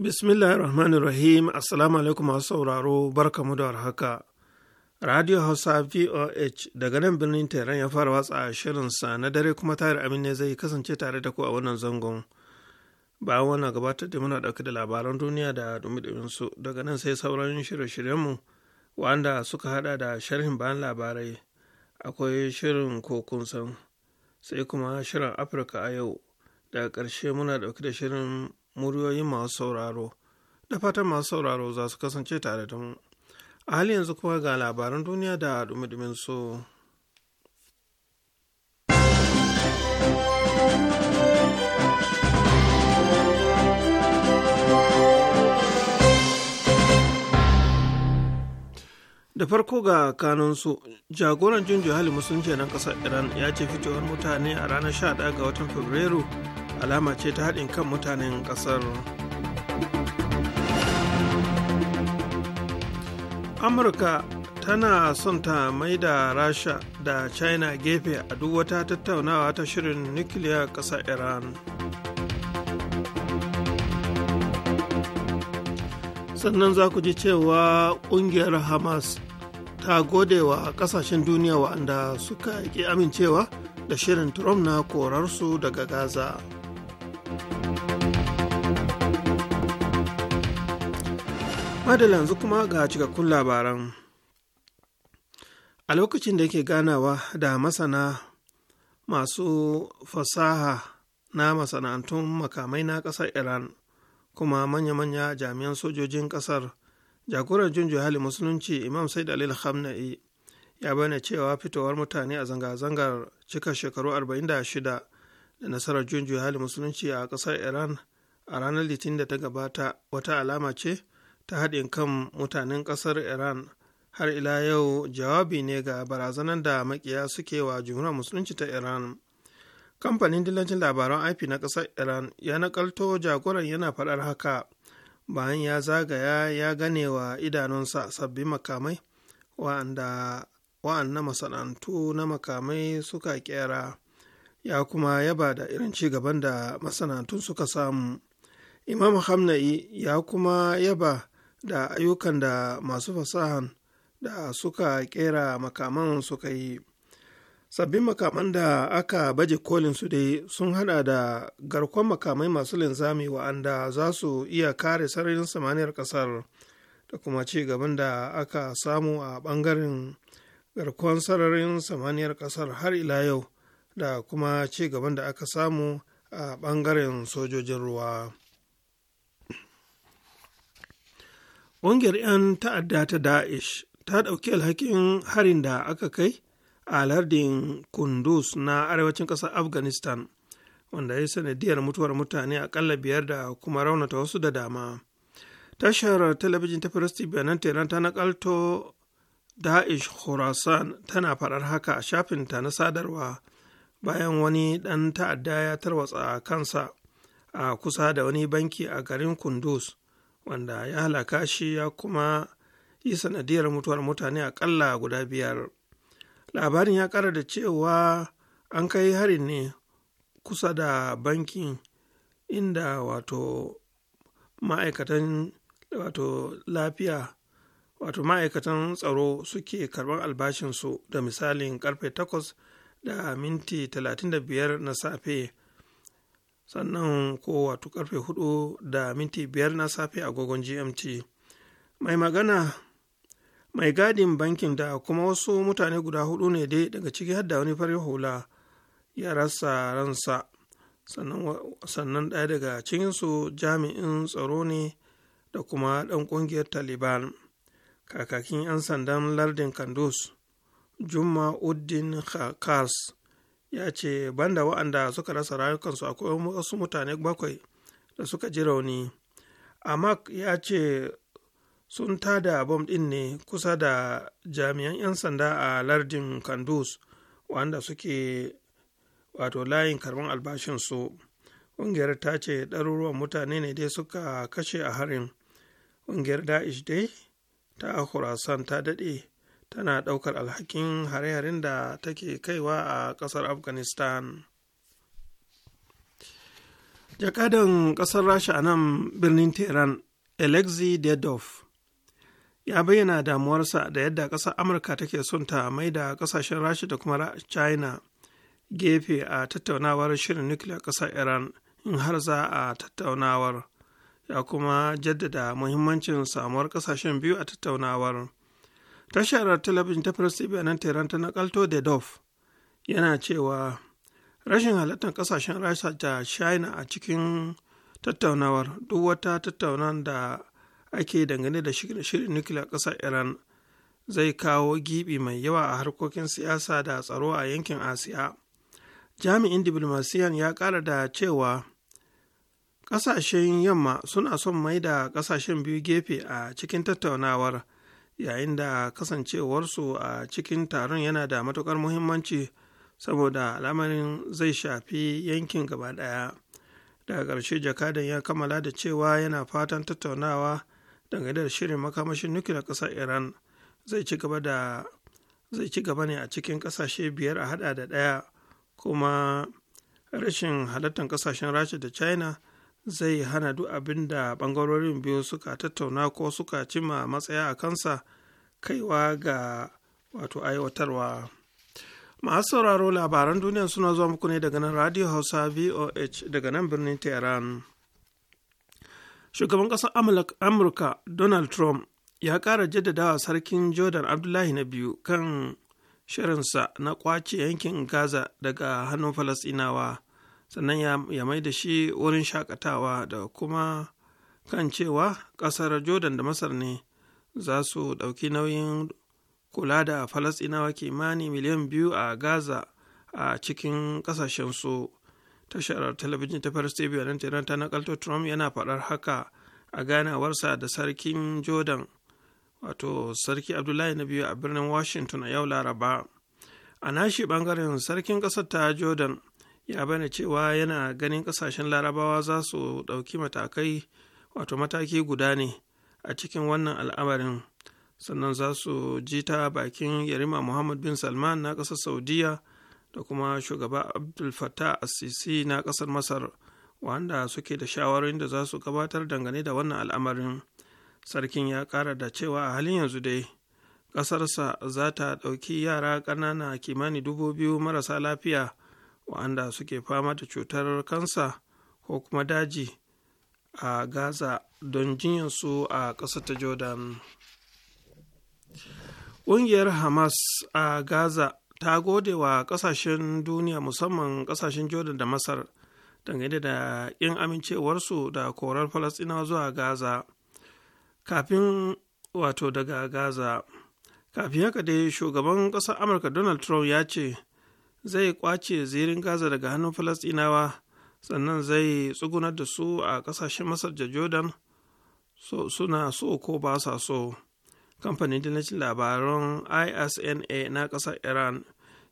Bismillahi Rahmanir Rahim, Assalamu alaikum masu sauraro, barka mu da warhaka. Radio Hausa VOH daga nan birnin Tehran ya fara watsa shirinsa na dare kuma tare amin ne zai kasance tare da ku a wannan zangon. Bayan wannan gabatar da muna ɗauke da labaran duniya da dumi su daga nan sai sauran shirye-shiryenmu wanda suka hada da sharhin bayan labarai akwai shirin kokun san sai kuma shirin Afirka a yau daga ƙarshe muna ɗauke da shirin muryoyin masu sauraro da fatan masu sauraro za su kasance tare da mu a hali yanzu kuma ga labaran duniya da dumi su. da farko ga kanunsu jagoran junjo sun musulunci na kasar iran ya ce fitowar mutane a ranar 11 ga watan fabrairu alama ce ta haɗin kan mutanen ƙasar amurka tana son ta mai da rasha da china gefe a duk wata tattaunawa ta shirin nukiliya ƙasa iran sannan za ku ji cewa ƙungiyar hamas ta gode wa ƙasashen duniya waɗanda suka ƙi amincewa da shirin trump na korarsu daga gaza madala yanzu kuma ga cikakkun labaran a lokacin da yake ganawa da masana masu fasaha na masana'antun makamai na ƙasar iran kuma manya-manya jami'an sojojin ƙasar jagoran junju hali musulunci imam sai alil hamna'i ya bayyana cewa fitowar mutane a zanga-zangar cika shekaru 46 da nasarar juya hali musulunci a ƙasar iran a ranar litinin da ta gabata wata alama ce ta haɗin kan mutanen ƙasar iran har ila yau jawabi ne ga barazanar da makiya suke wa jumhuriyar musulunci ta iran kamfanin dillancin labaran ip na ƙasar iran ya nakalto jagoran yana faɗar haka bayan ya zagaya ya gane wa idanunsa sabbin makamai wa'anda wa'annan masana'antu na makamai suka kera ya kuma yaba da irin ci gaban da masana'antun suka samu imam hamna'i ya kuma yaba da ayyukan da masu fasahan da suka kera makaman suka yi sabbin makaman da aka baje kolin su dai sun hada da garkon makamai masu linzami wa'anda za su iya kare sararin samaniyar kasar da kuma ci gaban da aka samu a bangaren garkon sararin samaniyar kasar har ila yau da kuma ci gaban da aka samu a ɓangaren sojojin ruwa. Ƙungiyar 'yan ta'adda ta Da'ish ta ɗauki alhakin harin da aka kai a lardin Kundus na arewacin ƙasar Afghanistan, wanda ya sanadiyar mutuwar mutane aƙalla biyar da kuma raunata wasu da dama. Tashar talabijin ta Firisti Benin Tehran ta naƙalto Da'ish Khorasan tana faɗar haka a shafinta na sadarwa. bayan wani ɗan ta'adda ya tarwatsa kansa a kusa da wani banki a garin kundus wanda ya halaka shi ya kuma yi sanadiyar mutuwar mutane aƙalla guda biyar labarin ya ƙara da cewa an kai harin ne kusa da bankin inda wato ma'aikatan wato lafiya wato ma'aikatan tsaro suke karɓar albashinsu da misalin karfe takwas da minti 35 na safe sannan ko wato karfe 4 da minti 5 na safe a gogon gmt mai magana mai gadin bankin da kuma wasu mutane guda hudu ne dai daga ciki har wani farin hula ya rasa ransa sannan ɗaya daga cikinsu jami'in tsaro ne da kuma ɗan ƙungiyar taliban kakakin 'yan sandan lardin kandus juma uddin kars ya ce banda wa'anda suka rasa rayukansu akwai wasu mutane bakwai da suka ji rauni amak ya ce sun tada bom ɗin ne kusa da jami'an 'yan sanda a lardin kandus wanda suke wato layin karban albashinsu ƙungiyar ta ce ɗaruruwan mutane ne dai suka kashe a harin ƙungiyar da'ish dai ta khurasan ta daɗe tana ɗaukar alhakin hare-haren da take kaiwa a ƙasar afghanistan jakadan ƙasar rasha a nan birnin tehran alexei dedov ya bayyana damuwarsa da yadda ƙasar amurka take son ta mai da ƙasashen rasha da kuma china gefe a tattaunawar shirin nukiliyar ƙasar iran in har za a tattaunawar ya kuma jaddada muhimmancin samuwar ƙasashen biyu a tattaunawar tashar talabijin ta press tv a nan tehran ta nakalto da dof yana cewa rashin halartar kasashen rasha da china a cikin tattaunawar duk wata tattaunan da ake dangane da shirin nukiliya kasar iran zai kawo gibi mai yawa a harkokin siyasa da tsaro a yankin asiya jami'in diplomasiyan ya kara da cewa ƙasashen yamma suna son mai da ƙasashen biyu gefe a cikin tattaunawar yayin da kasancewarsu a cikin taron yana da matuƙar muhimmanci saboda al'amarin zai shafi yankin gaba ɗaya daga ƙarshe jakadan ya kammala da cewa yana fatan tattaunawa dangane da shirin makamashin nukiliyar ƙasar iran zai ci gaba ne a cikin ƙasashe biyar a hada da ɗaya kuma rashin halartar ƙasashen rasha da china zai hana duk abin da ɓangarorin biyu suka tattauna ko suka cima matsaya a kansa kaiwa ga wato aiwatarwa masu sauraro labaran duniya suna zuwa muku ne daga nan radio hausa voh daga nan birnin tehran shugaban ƙasar amurka donald trump ya ƙara jaddadawa sarkin jordan abdullahi na biyu kan shirinsa na kwace yankin gaza daga hannun falasinawa sannan ya mai da shi wurin shakatawa da kuma kan cewa ƙasar jordan da masar ne za su ɗauki nauyin kula da falastinawa kimani miliyan biyu a gaza a cikin ƙasashensu tashar talabijin ta paris tv nan ta nakalto trump yana faɗar haka a ganawarsa da sarkin jordan wato sarki abdullahi na biyu a birnin washington a yau laraba a nashi ɓangaren sarkin ƙasar ta jordan ya bane cewa yana ganin kasashen larabawa za su ɗauki matakai wato mataki guda ne a cikin wannan al'amarin sannan za su ji ta bakin yarima muhammad bin salman na ƙasar saudiya da kuma shugaba abdul fattah assisi na ƙasar masar wanda suke da shawarorin da za su gabatar dangane da wannan al'amarin sarkin ya ƙara da cewa a halin yanzu dai ƙasarsa za ta ɗauki yara ƙanana kimanin dubu biyu marasa lafiya waɗanda suke fama da cutar kansa ko kuma daji a gaza don jinyansu a ƙasa ta jordan ƙungiyar hamas a gaza ta gode wa ƙasashen duniya musamman ƙasashen jordan da masar dangane da ƙin amincewarsu da korar falastinawa zuwa gaza kafin wato daga gaza kafin haka dai shugaban ƙasar amurka donald trump ya ce zai kwace zirin gaza daga hannun falastinawa sannan zai tsugunar da su a ƙasashen masar da jordan suna so ko ba sa so kamfanin dillacin labaran isna na ƙasar iran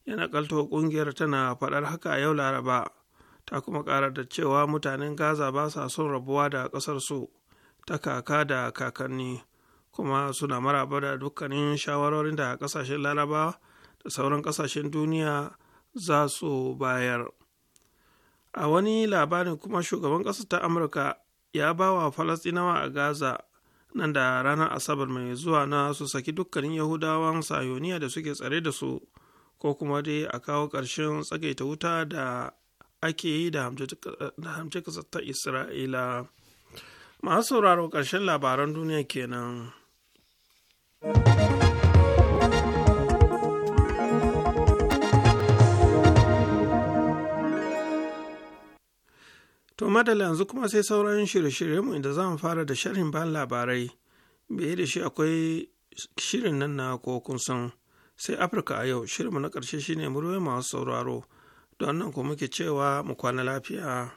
yana kalto ƙungiyar tana faɗar haka yau laraba ta kuma ƙara da cewa mutanen gaza ba sa son rabuwa da ƙasar su ta kaka da kakanni kuma suna maraba da dukkanin shawarorin da ƙasashen Laraba da sauran ƙasashen duniya za su bayar a wani labarin kuma shugaban ƙasar ta amurka ya ba wa falastinawa a gaza nan da ranar asabar mai zuwa na su saki dukkanin yahudawan sayoniya da suke tsare da su ko kuma dai a kawo ƙarshen tsagaita wuta da ake yi da hamce ta isra'ila masu sauraro ƙarshen labaran duniya kenan. To madalla yanzu kuma sai sauran shirye-shiryenmu inda zamu fara da sharhin bayan labarai. Biye da shi akwai shirin nan na ko kun san sai Afirka a yau shirinmu na ƙarshe shine muryoyi masu sauraro. Don nan ko muke cewa mu kwana lafiya.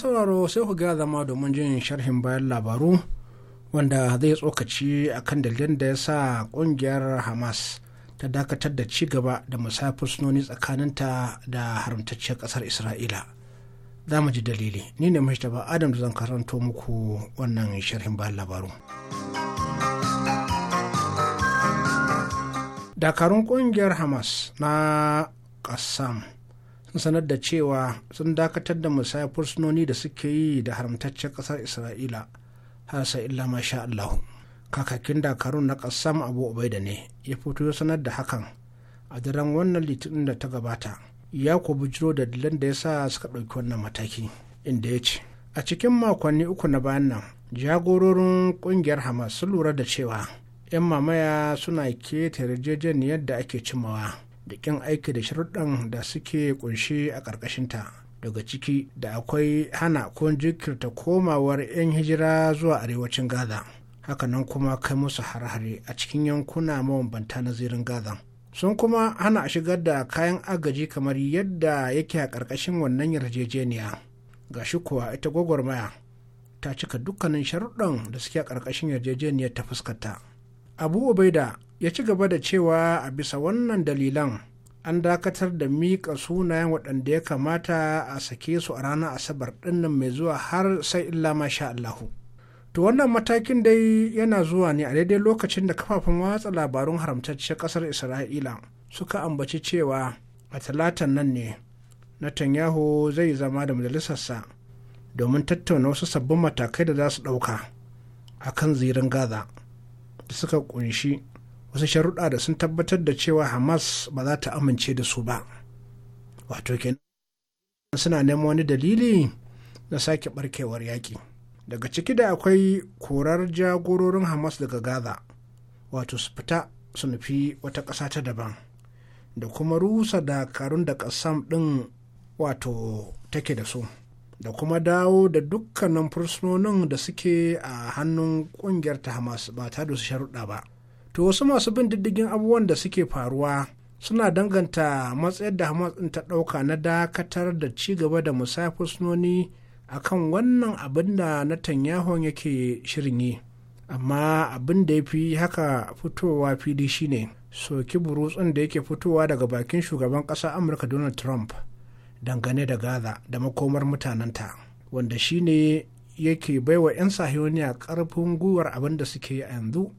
sauraro sai ku gaya zama domin jin sharhin bayan labaru wanda zai tsokaci a kan dalilin da ya sa kungiyar hamas ta dakatar da ci gaba da musafir sunoni tsakaninta da haramtacciyar kasar isra'ila za mu ji dalili ni ne ba adam da zan karanto muku wannan sharhin bayan labaru dakarun kungiyar hamas na kasam sun sanar da cewa sun dakatar da musayar fursunoni da suke yi da haramtaccen ƙasar isra'ila har sai illa masha allahu kakakin dakarun na ƙasam abu ubaida ne ya fito ya sanar da hakan a daren wannan litinin da ta gabata ya ku bujiro da dalilan da ya sa suka ɗauki wannan mataki inda ya ce a cikin makonni uku na bayan nan jagororin ƙungiyar hamas sun lura da cewa 'yan mamaya suna keta yarjejeniyar da ake cimawa da kin aiki da sharuɗan da suke kunshe a ƙarƙashinta daga ciki da akwai hana ko jikirta komawar 'yan hijira zuwa arewacin gaza hakanan kuma kai musu har a cikin yankuna mabambanta na zirin gaza sun kuma hana shigar da kayan agaji kamar yadda yake a ƙarƙashin wannan yarjejeniya ga shi kuwa ita gwagwarmaya ta cika dukkanin sharuɗan da suke a ƙarƙashin yarjejeniyar ta fuskata abu ubaida ya ci gaba da cewa a bisa wannan dalilan an dakatar da miƙa sunayen waɗanda ya kamata a sake su a ranar asabar ɗinnan mai zuwa har sai illa masha Allahu. To wannan matakin dai yana zuwa ne a daidai lokacin da kafafen watsa labarun haramtacce ƙasar Isra'ila suka ambaci cewa a talatan nan ne Netanyahu zai zama da majalisarsa domin tattauna wasu sabbin matakai da za su ɗauka a kan zirin Gaza da suka ƙunshi wasu sharuɗa da sun tabbatar da cewa hamas ba za ta amince da su ba wato kenan suna neman wani dalili na sake barkewar yaƙi daga ciki da akwai korar jagororin hamas daga gaza wato su fita su nufi wata ƙasa ta daban da kuma rusa dakarun da ƙasam ɗin wato take da su da kuma dawo da dukkanin fursunonin da suke a hannun ƙungiyar ta hamas ba ta da su sharuɗa ba to wasu masu bin diddigin abubuwan da suke faruwa suna danganta matsayar da hamas ɗin ta ɗauka na dakatar da ci gaba da musafir sunoni a kan wannan abin da netanyahu yake shirin yi amma abin da ya fi haka fitowa fili shine soki burutsun da yake fitowa daga bakin shugaban ƙasa amurka donald trump dangane da gaza da makomar mutanenta wanda shine yake baiwa 'yan sahiyoniya ƙarfin gwiwar abin da suke yanzu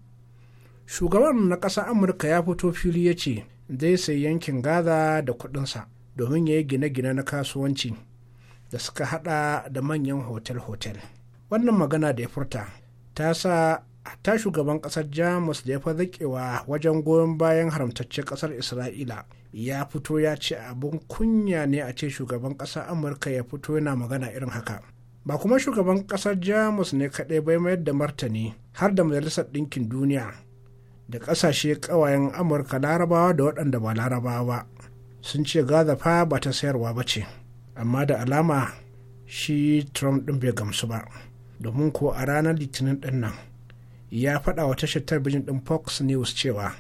shugaban na ƙasa amurka ya fito fili ya ce zai sai yankin gaza da kuɗinsa domin ya yi gine-gine na kasuwanci da suka hada da manyan hotel-hotel wannan magana da ya furta ta sa ta shugaban ƙasar jamus da ya fi zaƙewa wajen goyon bayan haramtacce ƙasar isra'ila ya fito ya ce abin kunya ne a ce shugaban ƙasar amurka ya fito yana magana irin haka ba kuma shugaban ƙasar jamus ne kaɗai bai mayar da martani har da majalisar ɗinkin duniya da ƙasashe ƙawayen amurka larabawa da waɗanda ba larabawa ba sun ce gaza fa ba ta sayarwa ba ce amma da alama shi trump ɗin bai gamsu ba domin ko a ranar litinin ɗin nan ya faɗa wa tashar talabijin ɗin fox news cewa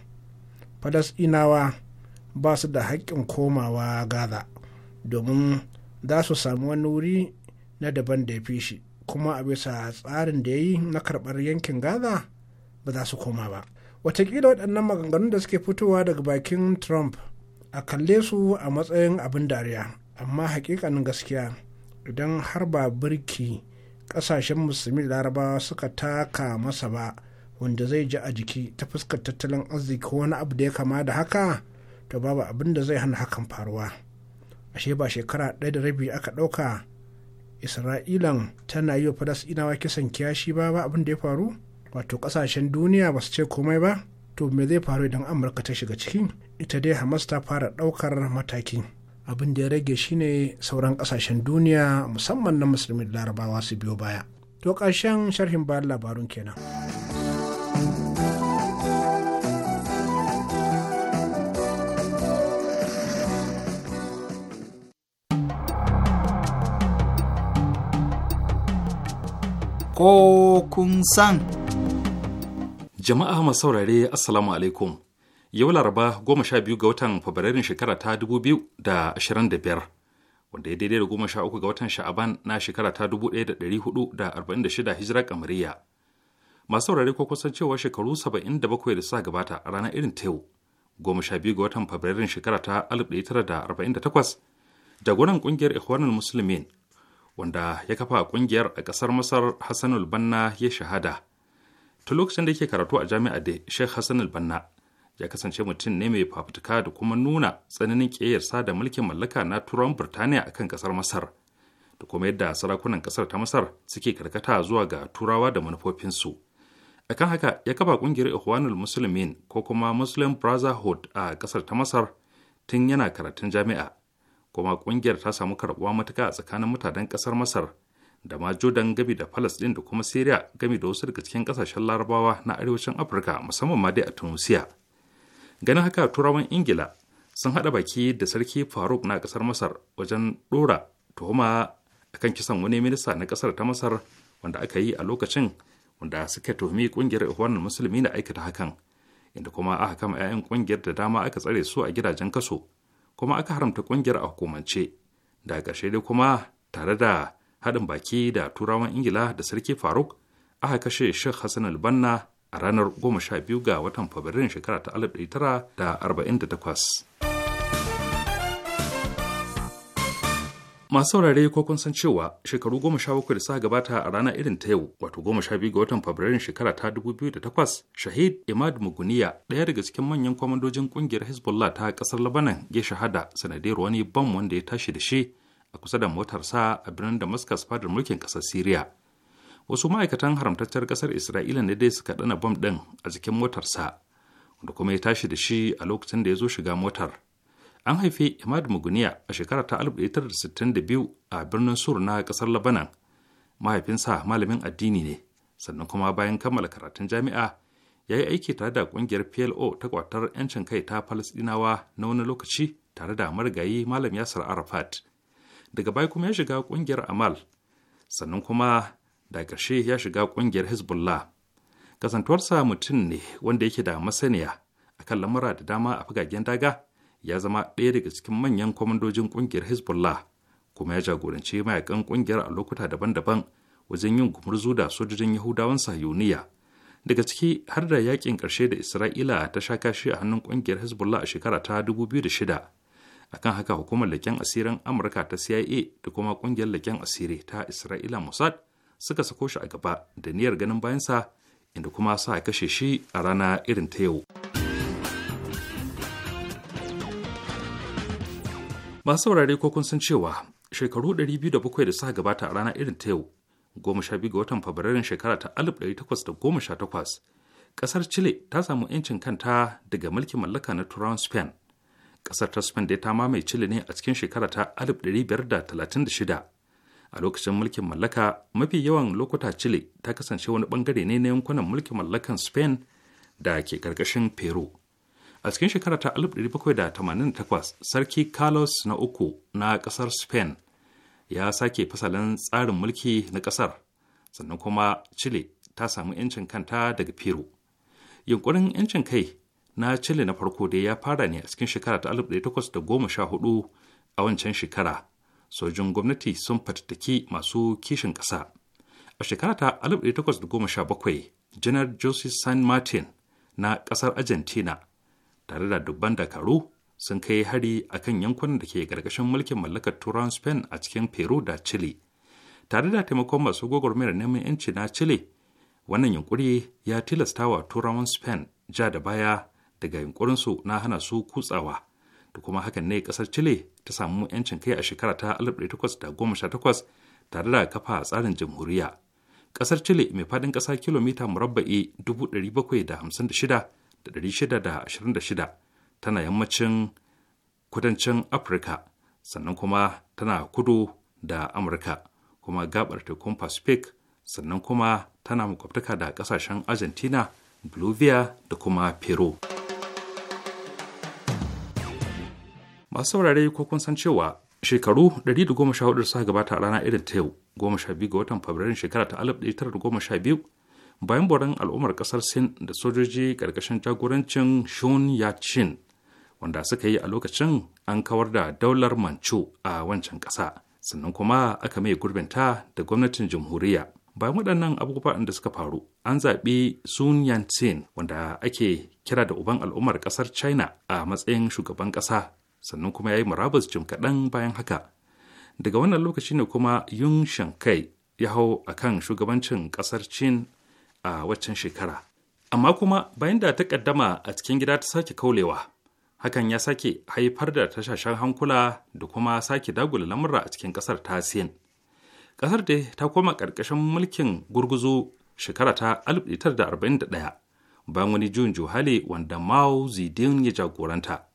falasɗinawa ba su da haƙƙin komawa gaza domin za su samu wani wuri na daban da ya fi shi kuma a bisa tsarin da ya yi na karɓar yankin gaza ba za su koma ba watakila waɗannan maganganun da suke fitowa daga bakin trump a kalle su a matsayin abin dariya amma hakikanin gaskiya idan har ba birki ƙasashen musulmi larabawa suka taka masa ba wanda zai ji a jiki ta fuskar tattalin arziki ko wani abu da ya kama da haka to babu abin da zai hana hakan faruwa ashe ba shekara ɗaya da rabi aka ɗauka isra'ilan tana yi wa falasɗinawa kisan kiyashi ba ba abin da ya faru wato kasashen duniya ba su ce komai ba to me zai faru idan amurka ta shiga ciki ita dai hamas ta fara daukar mataki abin da ya rage shine sauran kasashen duniya musamman na musulmi larabawa su biyo baya to ƙarshen sharhin bayan labarun kenan. ko kun san. Jama'a masu saurare Assalamu alaikum. Yau Laraba goma sha biyu ga watan Fabrairun shekara ta dubu biyu da ashirin da biyar, wanda ya daidai da goma sha uku ga watan Sha'aban na shekara ta dubu ɗaya da ɗari hudu da arba'in da shida hijira kamariya. Masu saurare ko kusan cewa shekaru saba'in da bakwai da suka gabata a ranar irin ta yau, goma sha biyu ga watan Fabrairun shekara ta alif ɗaya tara da arba'in da takwas, jagoran ƙungiyar Ikhwanul Musulmin, wanda ya kafa ƙungiyar a ƙasar Masar Hassanul Banna ya shahada. tun lokacin da yake karatu a jami'a da sheikh hassan banna ya kasance mutum ne mai fafutuka da kuma nuna tsananin ƙeyarsa da mulkin mallaka na turawan birtaniya akan ƙasar masar da kuma yadda sarakunan ƙasar ta masar suke karkata zuwa ga turawa da manufofinsu akan haka ya kafa ƙungiyar ikhwanul musulmin ko kuma muslim brotherhood a ƙasar ta masar tun yana karatun jami'a kuma ƙungiyar ta samu karɓuwa matuka a tsakanin mutanen ƙasar masar da ma jordan gami da din da kuma syria gami da wasu daga cikin kasashen larabawa na arewacin afirka musamman ma dai a tunisia ganin haka turawan ingila sun haɗa baki da sarki faruk na ƙasar masar wajen ɗora tuhuma kan kisan wani minista na ƙasar ta masar wanda aka yi a lokacin wanda suka tuhumi ƙungiyar ihwanul musulmi na aikata hakan inda kuma aka kama 'ya'yan ƙungiyar da dama aka tsare su a gidajen kaso kuma aka haramta ƙungiyar a hukumance da ƙarshe dai kuma tare da haɗin baki da turawan ingila da sarki faruk aka kashe sheikh hassan albanna a ranar 12 ga watan fabrairun shekara ta 1948 masu saurare ko kun san cewa shekaru goma sha da suka gabata a rana irin ta yau wato goma ga watan fabrairun shekara ta dubu shahid imad muguniya ɗaya daga cikin manyan kwamandojin ƙungiyar hezbollah ta ƙasar labanan ya shahada sanadiyar wani bam wanda ya tashi da shi a kusa da motarsa a birnin damascus fadar mulkin ƙasar syria wasu ma'aikatan haramtaccen ƙasar isra'ila ne dai suka ɗana bom ɗin a jikin motarsa wanda kuma ya tashi da shi a lokacin da ya zo shiga motar an haifi imad muguniya a shekara ta 1962 a birnin sur na ƙasar labanan mahaifinsa malamin addini ne sannan kuma bayan kammala karatun jami'a ya yi aiki tare da ƙungiyar plo ta kwatar 'yancin kai ta falasɗinawa na wani lokaci tare da marigayi malam yasir arafat daga baya kuma ya shiga kungiyar amal sannan kuma da karshe ya shiga kungiyar hezbollah kasantuwarsa mutum ne wanda yake da masaniya akan lamura da dama a fagagen daga ya zama ɗaya daga cikin manyan kwamandojin ƙungiyar hezbollah kuma ya jagoranci mayakan ƙungiyar a lokuta daban-daban wajen yin gumurzu da sojojin yahudawan yuniya daga ciki har da yakin ƙarshe da isra'ila ta sha kashi a hannun ƙungiyar hezbollah a shekara ta 2006 akan haka hukumar leken asirin amurka ta cia da kuma kungiyar leken asiri ta isra'ila mossad suka sako shi a gaba da niyyar ganin bayansa inda kuma sa kashe shi a rana irin ta yau masu saurare ko kun san cewa shekaru 207 da suka gabata a rana irin ta yau 12 ga watan fabrairun shekara ta 1818 kasar chile ta samu 'yancin kanta daga mulkin mallaka na turan spain kasar ta spain da ta mamaye chile ne a cikin shekara ta 1536 a lokacin mulkin mallaka mafi yawan lokuta chile ta kasance wani bangare ne na yankunan mulkin mallakan spain da ke karkashin peru a cikin shekara ta 1788 sarki carlos na uku na kasar spain ya sake fasalin tsarin mulki na kasar sannan kuma chile ta samu 'yancin kanta daga peru yunkurin 'yancin kai na Chile na farko dai ya fara ne a cikin shekara ta 1814 a wancan shekara sojin gwamnati sun fatattaki masu kishin ƙasa. A shekara ta 1817 janar Jose San Martin na ƙasar Argentina tare da dubban dakaru sun kai hari a kan yankunan da ke gargashin mulkin mallakar turan Spain a cikin Peru da Chile. Tare da taimakon masu gwagwarmayar neman 'yanci na Chile, wannan yunkuri ya tilasta wa turawan Spain ja da baya daga yunkurinsu na hana su kutsawa da kuma hakan ne kasar chile ta samu 'yancin kai a shekara ta 1818 tare da kafa tsarin jamhuriya kasar chile mai faɗin ƙasa kilomita murabba'i 756,626 tana yammacin kudancin afirka sannan kuma tana kudu da amurka kuma gabar tekun pacific sannan kuma tana makwabtaka da ƙasashen argentina bolivia da kuma peru. masu saurare ko kun san cewa shekaru 114 suka gabata a rana irin ta yau 12 ga watan fabrairun shekara ta 1912 bayan boran al'ummar kasar sin da sojoji karkashin jagorancin shun chin wanda suka yi a lokacin an kawar da daular manchu a wancan kasa sannan kuma aka mai gurbinta da gwamnatin jamhuriya bayan waɗannan abubuwan da suka faru an zaɓi sun yantin wanda ake kira da uban al'ummar ƙasar china a matsayin shugaban ƙasa sannan kuma ya yi murabus jim kaɗan bayan haka daga wannan lokaci ne kuma yun shankai ya hau a kan shugabancin ƙasar cin a waccan shekara amma kuma bayan da ta ƙaddama a cikin gida ta sake kaulewa hakan ya sake haifar da tashashen hankula da kuma sake dagula lamura a cikin ƙasar ta sin ƙasar dai ta koma ƙarƙashin mulkin gurguzu shekara ta 1941 bayan wani juyin juhali wanda mao zidin ya jagoranta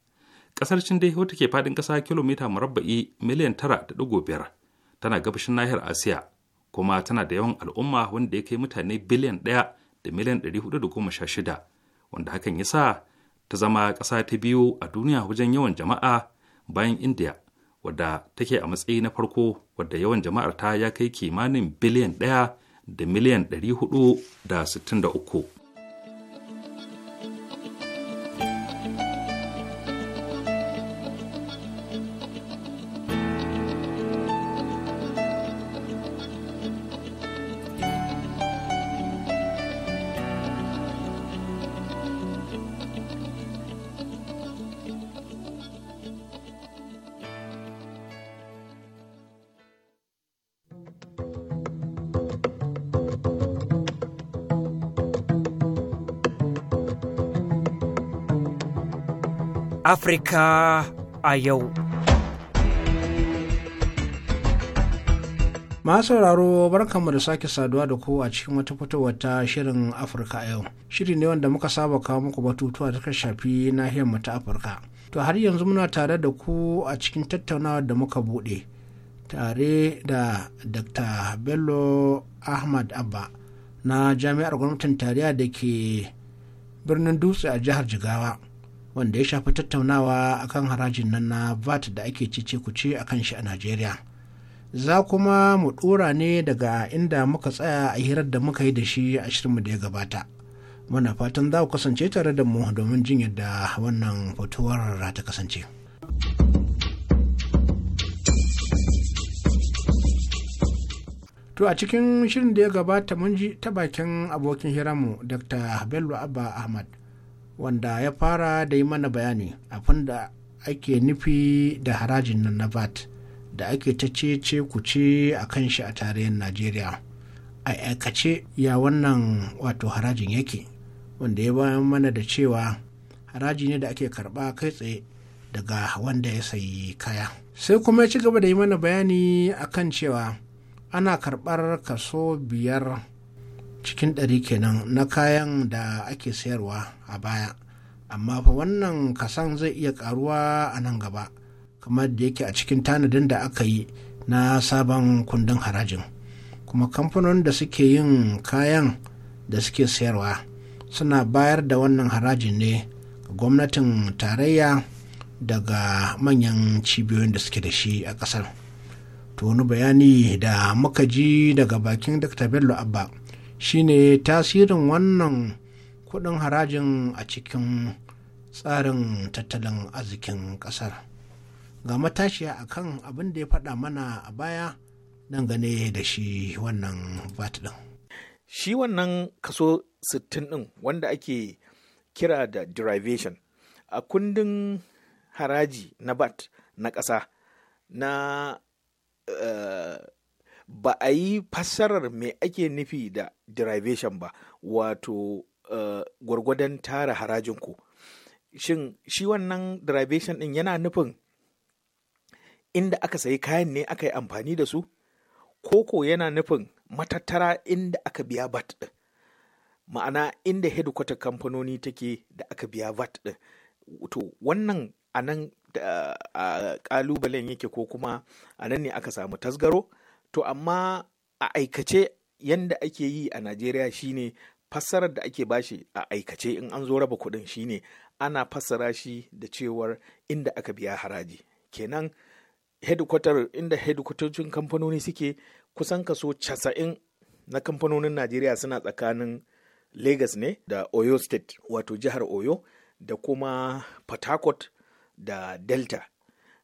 kasar Cin dai wata ke fadin kasa kilomita murabba'i miliyan tara da ɗigo biyar tana gabashin nahiyar Asiya kuma tana da yawan al'umma wanda ya kai mutane biliyan ɗaya da miliyan ɗari hudu da goma sha shida wanda hakan ya sa ta zama kasa ta biyu a duniya wajen yawan jama'a bayan indiya wadda take a matsayi na farko wadda yawan jama'ar ta ya kai kimanin biliyan ɗaya da miliyan ɗari hudu da sittin da uku. Afrika a yau. Masu sauraro barkanmu da sake saduwa da ku a cikin wata fitowar ta shirin Afirka a yau. Shiri ne wanda muka saba kawo muku batutuwa da shafi nahiyar mu ta Afirka. To har yanzu muna tare da ku a cikin tattaunawar da muka buɗe tare da Dr. Bello Ahmad Abba na Jami'ar Gwamnatin Tariya da ke birnin Dutse a jihar Jigawa. wanda ya shafi tattaunawa akan harajin nan na VAT da ake cice kuce kan shi a Najeriya. Za kuma mu ɗora ne daga inda muka tsaya a hirar da muka yi da shi a shirinmu da ya gabata. Muna fatan za ku kasance tare da mu domin jin yadda wannan fitowar ta kasance. To a cikin shirin da ya gabata mun ji ta bakin abokin hiramu Dr. Bello Abba Ahmad. wanda ya fara da yi mana bayani abin da ake nufi da harajin nan na VAT da ake ta ce kuce a kan shi a tarayyar Najeriya. A aikace ya wannan wato harajin yake wanda ya bayan mana da cewa haraji ne da ake karba kai tsaye daga wanda ya sayi kaya. Sai kuma ya ci gaba da yi mana bayani a kan cewa ana karɓar kaso biyar cikin ɗari kenan na kayan da ake sayarwa a baya amma fa wannan kasan zai iya karuwa a nan gaba kamar da yake a cikin tanadin da aka yi na sabon kundin harajin kuma kamfanonin da suke yin kayan da suke sayarwa suna bayar da wannan harajin ne ga gwamnatin tarayya daga manyan cibiyoyin da suke da shi a ƙasar to wani bayani da muka ji daga bakin dr bello abba shine tasirin wannan kudin harajin a cikin tsarin tattalin arzikin kasar ga matashiya a kan abin da ya faɗa mana a baya dangane da shi wannan vat ɗin shi wannan kaso 60 ɗin wanda ake kira da derivation a kundin haraji na bat na ƙasa na uh, ba a yi fassarar me ake nufi da derivation ba wato uh, gwargwadon tara harajinku shin shi wannan derivation ɗin yana nufin inda aka sayi kayan ne aka yi amfani da su koko yana nufin matattara inda aka biya bat ɗin ma'ana inda headquarter kamfanoni take da aka biya bat ɗin to wannan a nan kalubalen eh, yake ko kuma a nan ne aka samu tasgaro to amma a aikace yadda ake yi a najeriya shine fassarar da ake bashi a aikace in an zo raba kuɗin shine ana fassara shi da cewar inda aka biya haraji kenan hedikwatar inda hedikwatocin kamfanoni suke kusan kaso casa'in na kamfanonin najeriya suna tsakanin lagos ne da oyo state wato jihar oyo da kuma port da delta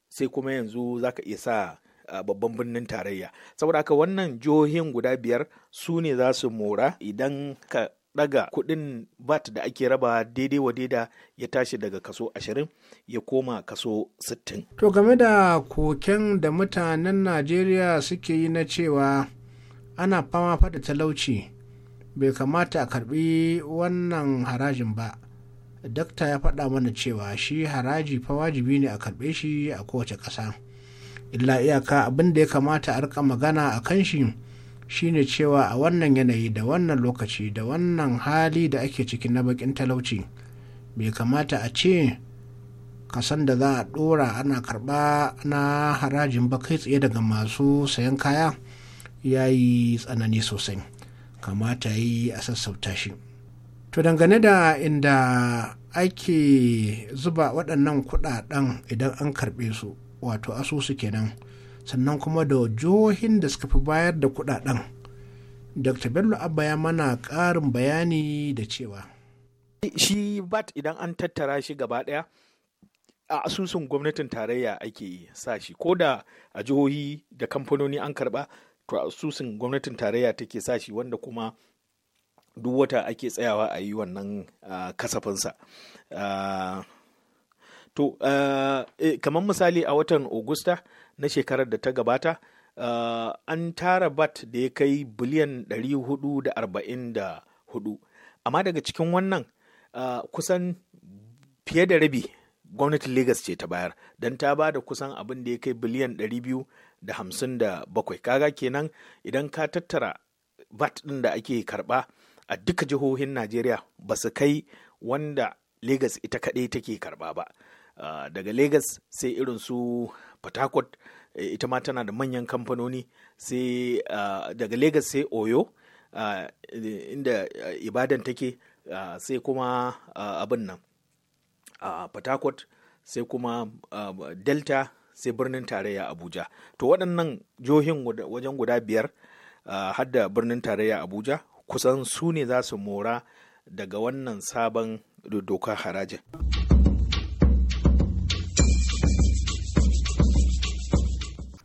sai kuma yanzu zaka iya sa babban birnin tarayya saboda haka wannan jihohin guda biyar su ne za su mora idan ka daga kudin bat da ake raba daidai wa daida ya tashi daga kaso ashirin ya koma kaso sittin. To game da koken da mutanen Najeriya suke yi na cewa ana fama fada talauci bai kamata a karbi wannan harajin ba. Dakta ya faɗa mana cewa shi haraji fa wajibi ne a karɓe shi a kowace ƙasa. illa iyaka abin da ya kamata a rika magana a kan shi shine cewa a wannan yanayi da wannan lokaci da wannan hali da ake ciki na bakin talauci bai kamata a ce kasan da za a dora ana karba na harajin ba tsaye daga masu sayan kaya ya yi tsanani sosai kamata yi a sassauta shi to dangane da inda ake zuba waɗannan kuɗaɗen idan an karɓe su wato asusu kenan sannan kuma da jihohin da suka fi bayar da kudaden dr bello abba ya mana karin bayani da cewa shi bat idan an tattara shi gaba daya a asusun gwamnatin tarayya ake sa shi ko da a jihohi da kamfanoni an karba to asusun gwamnatin tarayya take sa shi wanda kuma duk wata ake tsayawa a yi wannan kasafinsa To, uh, eh, kamar misali a watan Augusta na shekarar da ta gabata, uh, an tara bat da ya kai biliyan 444. Amma daga cikin wannan uh, kusan fiye da rabi gwamnati lagos ce ta bayar, don ta ba da kusan abin da ya kai biliyan 257. Kaga kenan idan ka tattara bat ɗin da ake karɓa a duka jihohin Najeriya ba su kai wanda lagos ita kaɗai take karɓa ba. Ah, daga Legas sai irin su patakot eh, ita ma tana da manyan kamfanoni sai ah, daga Legas sai Oyo ah, inda eh, Ibadan take sai kuma abin nan patakot sai kuma Delta sai birnin tarayya Abuja to waɗannan jihohin wajen guda biyar har birnin tarayya Abuja kusan su ne za su mora daga wannan sabon doka harajin.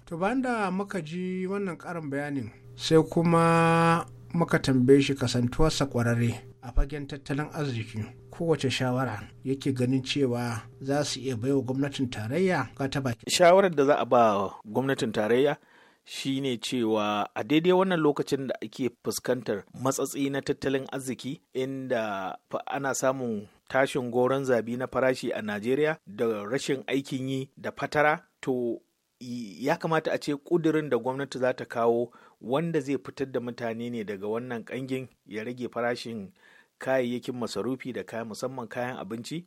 to bayan da muka ji wannan karin bayanin sai kuma muka tambaye shi kasantuwarsa kwararre a fagen tattalin arziki kowace shawara yake ganin cewa za su iya baiwa gwamnatin tarayya ga ta baki. Shawarar da za a ba gwamnatin tarayya shi ne cewa a daidai wannan lokacin da ake fuskantar matsatsi na tattalin arziki inda ana samun tashin goron zabi na farashi a Najeriya da rashin aikin yi da fatara to ya kamata a ce ƙudurin da gwamnati za ta kawo wanda zai fitar da mutane ne daga wannan ƙangin ya rage farashin kayayyakin masarufi da kayan musamman kayan abinci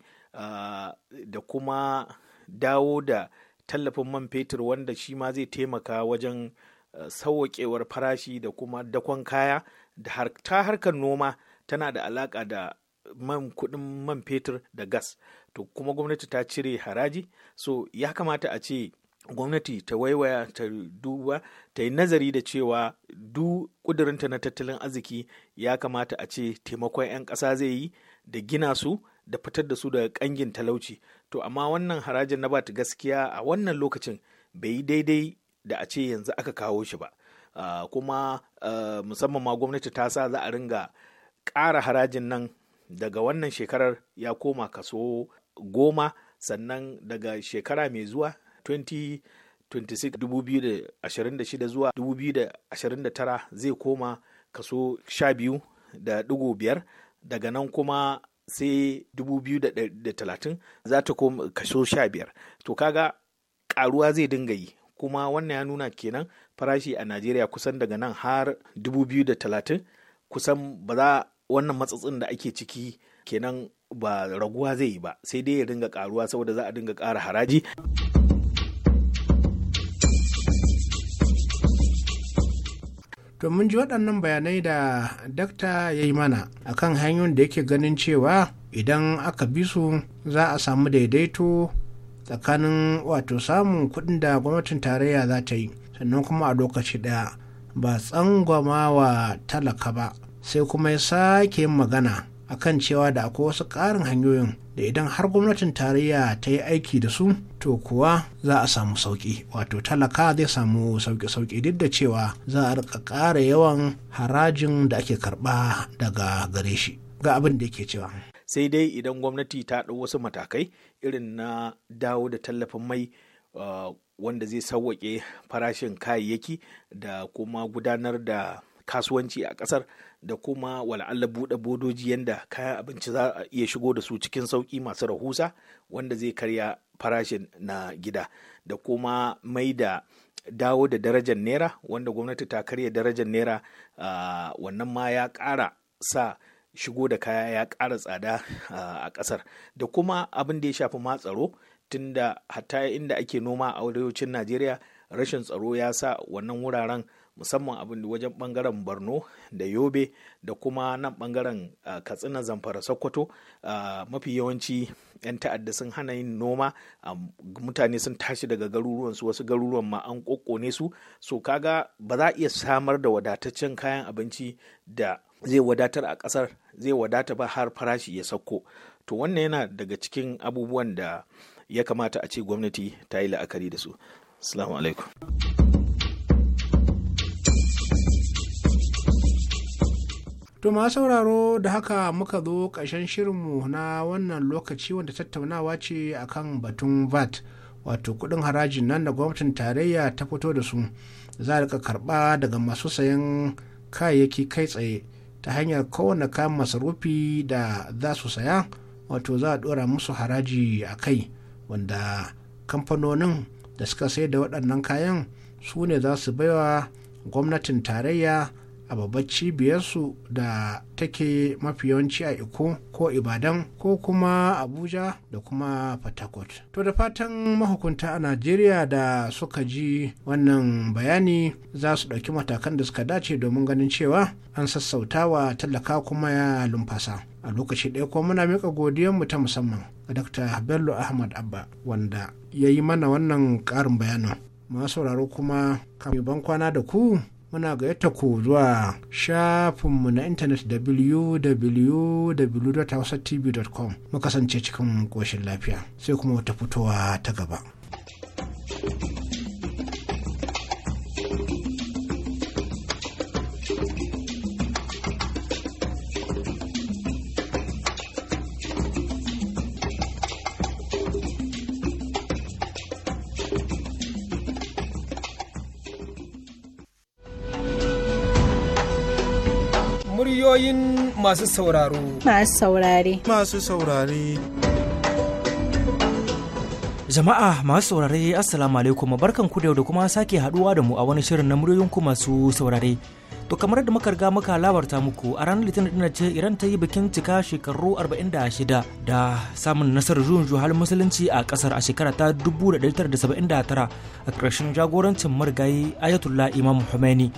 da kuma dawo da tallafin man fetur wanda shi ma zai taimaka wajen sauwaƙewar farashi da kuma dakon kaya da ta harkar noma tana da alaƙa da man kuɗin man fetur da gas to kuma gwamnati ta cire haraji so ya kamata a ce gwamnati ta waiwaya ta duba ta yi nazari da cewa du kudurinta na tattalin arziki ya kamata a ce taimakon 'yan ƙasa zai yi da gina su da fitar da su daga ƙangin talauci to amma wannan harajin na ba gaskiya a wannan lokacin bai yi daidai da a ce yanzu aka kawo shi ba ah, kuma ah, musamman ma gwamnati ta sa za a ringa ƙara harajin nan daga wannan shekarar ya koma kaso goma sannan daga shekara mai zuwa 2026 2026 zuwa 2029 zai koma kaso 12.5% daga nan kuma sai 2030 za ta koma kaso 15 to kaga karuwa zai dinga yi kuma wannan ya nuna kenan farashi a najeriya kusan daga nan har 2030 kusan ba za wannan matsatsin da ake ciki kenan ba raguwa zai yi ba sai dai ya dinga karuwa saboda za a dinga ƙara haraji. To mun ji waɗannan bayanai da dakta ya yi mana akan hanyoyin da yake ganin cewa idan aka bi su za a samu daidaito tsakanin wato samun kuɗin da gwamnatin tarayya za ta yi sannan kuma a lokaci ɗaya ba tsangwama wa talaka ba sai kuma ya sake magana akan cewa da akwai wasu ƙarin hanyoyin da idan har gwamnatin tarayya ta yi aiki da su to kuwa za a samu sauƙi wato talaka zai samu sauƙi-sauƙi duk da cewa za a rika ƙara yawan harajin da ake karɓa daga gare shi ga abin da yake cewa sai dai idan gwamnati ta ɗau wasu matakai irin na dawo da tallafin mai ah, wanda zai sauwaƙe farashin kayayyaki da kuma gudanar da kasuwanci a kasar da kuma wala'alla buɗe bodoji yadda kayan abinci za a iya shigo da su cikin sauƙi masu rahusa wanda zai karya farashin na gida da kuma mai da dawo da darajar naira wanda gwamnati ta karya darajar naira wannan ma ya ƙara sa shigo da kaya ya ƙara tsada a ƙasar da kuma abin da ya shafi ma tsaro tunda hatta inda ake noma a arewacin najeriya rashin tsaro ya sa wannan wuraren musamman abin da wajen bangaren borno da yobe da kuma nan bangaren ah, katsina zamfara sokoto ah, mafi yawanci 'yan ta'adda sun hana yin noma ah, mutane sun tashi daga garuruwan su wasu garuruwan ma an kokkone su so kaga ba za a iya samar da wadataccen kayan abinci da zai wadatar a kasar zai wadata ba har farashi ya sauko to wannan yana daga cikin abubuwan da ya kamata a ce gwamnati ta yi la'akari da su assalamu alaikum To ma sauraro da haka muka zo ƙarshen shirinmu na wannan lokaci wanda tattaunawa ce akan batun VAT wato kuɗin harajin nan da gwamnatin tarayya ta fito da su za a rika karɓa daga masu sayan kayayyaki kai tsaye ta hanyar kowane kayan masarufi da za su saya wato za a ɗora musu haraji a kai wanda kamfanonin da suka sai da waɗannan kayan su ne za su baiwa gwamnatin tarayya a babbar cibiyarsu da take mafi yawanci a iko ko ibadan ko kuma abuja da kuma fatakot to da fatan mahukunta a najeriya da suka ji wannan bayani za su ɗauki matakan da suka dace domin ganin cewa an sassauta wa tallaka kuma ya lumfasa a lokaci ɗaya ko muna miƙa godiyanmu ta musamman ga dr bello ahmad abba wanda ya yi mana wannan ƙarin bayanin masu sauraro kuma kamar ban kwana da ku muna gayyata ku zuwa shafinmu na intanet www.hausatv.com mu kasance cikin koshin lafiya sai kuma wata fitowa ta gaba. masu sauraro. Masu saurare. Masu saurare. Jama'a masu saurare Assalamu alaikum barkan ku da kuma sake haduwa da mu a wani shirin na muryoyin ku masu saurare. To kamar da muka riga muka labarta muku a ranar Litinin din ce Iran ta yi bikin cika shekaru 46 da samun nasarar juyin juhal musulunci a kasar a shekara ta 1979 a ƙarshen jagorancin marigayi Ayatollah Imam Khomeini.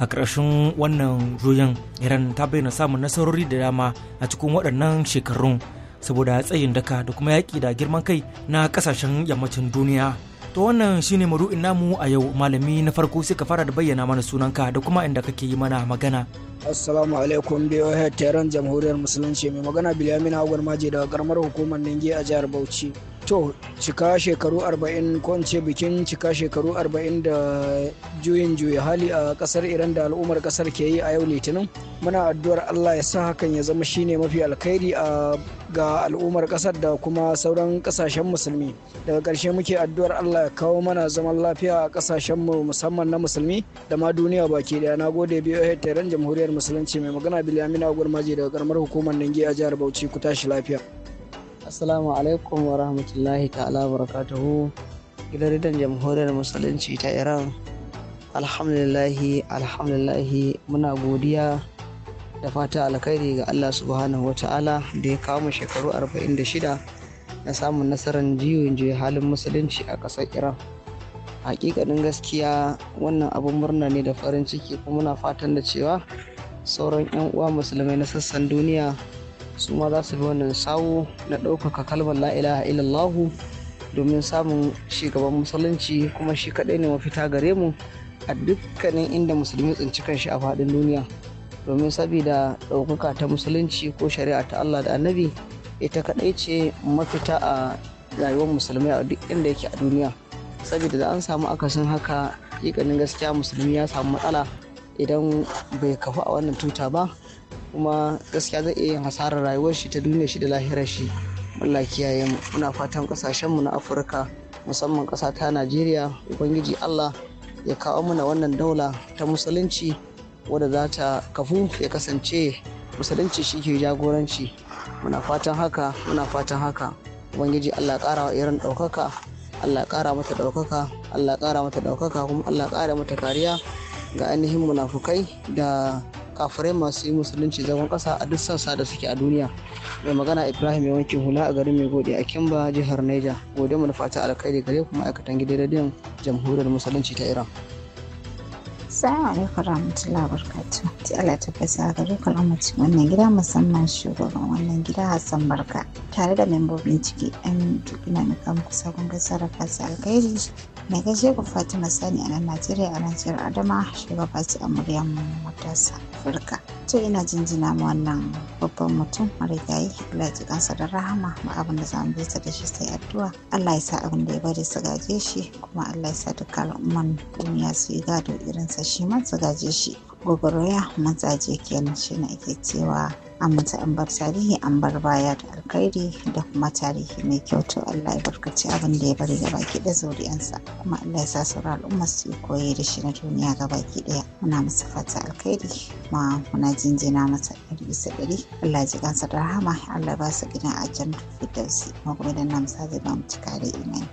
a ƙarshen wannan juyin iran ta bayyana samun nasarori da dama a cikin waɗannan shekarun saboda tsayin daka da kuma yaƙi da girman kai na ƙasashen yammacin duniya to wannan shine maru'in namu a yau malami na farko sai ka fara da bayyana mana sunanka da kuma inda kake yi mana magana Assalamu alaikum BOH taron Jamhuriyar Musulunci mai magana Bilyamin Agwar Maje daga karamar hukumar Ninge a jihar Bauchi. to cika shekaru 40 ko ce bikin cika shekaru 40 da juyin juya hali a kasar iran da al'ummar kasar ke yi a yau litinin muna addu'ar allah ya sa hakan ya zama shine mafi alkhairi a ga al'ummar kasar da kuma sauran kasashen musulmi daga ƙarshe muke addu'ar allah ya kawo mana zaman lafiya a kasashen mu musamman na musulmi da ma duniya baki daya na gode biyo ran jamhuriyar musulunci mai magana biliyamina gurmaji daga karamar hukumar ningiya a jihar bauchi ku tashi lafiya Assalamu alaikum wa rahmatullahi ta'ala barakatuhu gidan ridan jamhuriyar musulunci ta Iran. Alhamdulillahi, alhamdulillahi muna godiya da fata alkhairi ga Allah subhanahu wa ta'ala da ya kawo mu shekaru 46 na samun nasarar jiyoyin juya halin musulunci a ƙasar Iran. Hakikanin gaskiya wannan abin murna ne da farin ciki kuma muna fatan da cewa sauran 'yan uwa musulmai na sassan duniya su ma za su bi wannan sawo na ɗaukaka kalmar la ilaha illallahu domin samun gaban musulunci kuma shi kaɗai ne mafita gare mu a dukkanin inda musulmi tsinci kanshi a faɗin duniya domin sabida ɗaukaka ta musulunci ko shari'a ta Allah da annabi ita kaɗai ce mafita a rayuwar musulmai a duk inda yake a duniya saboda da an samu akasin haka ƙiƙanin gaskiya musulmi ya samu matsala idan bai kafu a wannan tuta ba kuma gaskiya zai iya yin hasarar rayuwar shi ta duniya shi da lahirar shi Allah kiyaye mu muna fatan kasashen mu na Afirka musamman ƙasa ta Najeriya ubangiji Allah ya kawo mana wannan daula ta musulunci wadda za ta kafu ya kasance musulunci shi ke jagoranci muna fatan haka muna fatan haka ubangiji Allah ƙara wa irin ɗaukaka Allah ƙara mata ɗaukaka Allah ƙara mata ɗaukaka kuma Allah ƙara mata kariya ga ainihin munafukai da kafirai masu yi musulunci zagon kasa a duk sassa da suke a duniya mai magana ibrahim ya wanke hula a garin mai gode a kimba jihar niger gode mu da fata alkhairi gare kuma aikatan gidan radiyon jamhuriyar musulunci ta iran Assalamu alaikum warahmatullahi wabarakatuh. Ti Allah tabbata gare ku amince wannan gida musamman shugaban wannan gida Hassan Barka tare da membobin ciki ɗan ina na kan kusa kun ga sarrafa su alkhairi. Na ku Fatima Sani a nan Najeriya a nan Adama shugaba ce a muryar matasa Afirka. to ina jinjina ma wannan babban mutum marigayi Allah ya ji kansa da rahama ma abin da zamu bisa da shi sai addu'a Allah ya sa abin da ya bari su gaje shi kuma Allah ya sa dukkan al'umman duniya su yi gado irin sa shi man su gaje shi gogoroya mazaje kenan ne ake cewa an mutu an bar tarihi an bar baya da alkhairi da kuma tarihi mai kyau to Allah ya barkaci abin da ya bari ga baki da zuriyansa kuma Allah ya sa sauran al'umma su koyi da shi na duniya ga baki daya muna masa fata alkhairi ma muna jinjina masa ɗari bisa ɗari Allah ji kansa da rahama Allah ba su gidan aljanna ma kuma na musa zai ba mu cika da imani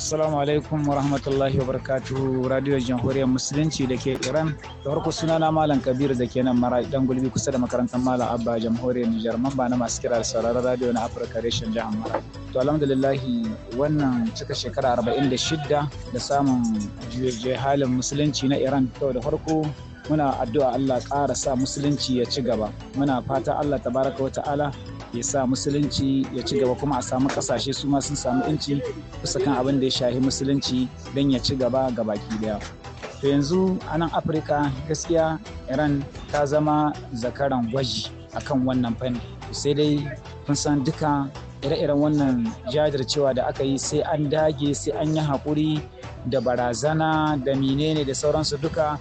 Assalamu alaikum wa rahmatullahi wa barakatuhu Radio Jamhuriyar Musulunci da ke Iran. Da farko suna na Malam Kabiru da ke nan mara dan gulbi kusa da makarantar Malam Abba Jamhuriyar Nijar mamba na masu kira da sauraron radio na Africa Reshen Jihar Mara. To alhamdulillahi wannan cika shekara 46 da samun juye halin musulunci na Iran. To da farko muna addu'a Allah ƙara sa musulunci ya ci gaba. Muna fata Allah tabaraka wa ta'ala ya sa musulunci ya ci gaba kuma a samu kasashe su ma sun samu inci kusa kan abin da ya shahi musulunci don ya ci gaba ga baki daya to yanzu a nan afirka gaskiya iran ta zama zakaran gwaji akan wannan fanni sai dai kun san duka ire-iren wannan jajircewa da aka yi sai an dage sai an yi haƙuri da barazana da menene da sauransu duka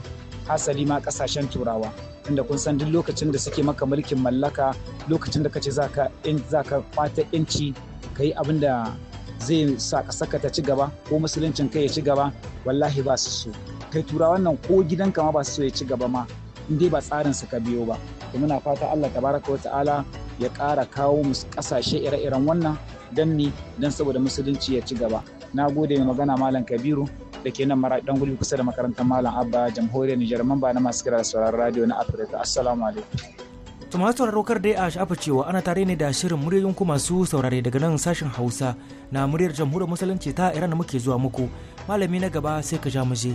hasali ma ƙasashen turawa tunda kun san duk lokacin da suke maka mulkin mallaka lokacin da kace zaka in zaka fata yanci kai abin da zai sa ka saka ta ci gaba ko musuluncin kai ya ci gaba wallahi ba su so kai tura wannan ko gidanka ma ba su so ya ci gaba ma in dai ba tsarin su ka biyo ba to muna fata Allah tabaraka wata'ala ya ƙara kawo mu ƙasashe ire-iren wannan dan ni dan saboda musulunci ya ci gaba na gode mai magana malam kabiru da ke nan mara gudu kusa da makarantar Malam Abba jamhuriyar Nijar mamba na masu kira sauran radio na Afirka. Assalamu alaikum. Tumatur rokar dai a shafa cewa ana tare ne da shirin muryoyin ku masu saurare daga nan sashen Hausa na muryar jamhuriyar musulunci ta Iran muke zuwa muku. Malami na gaba sai ka ja mu je.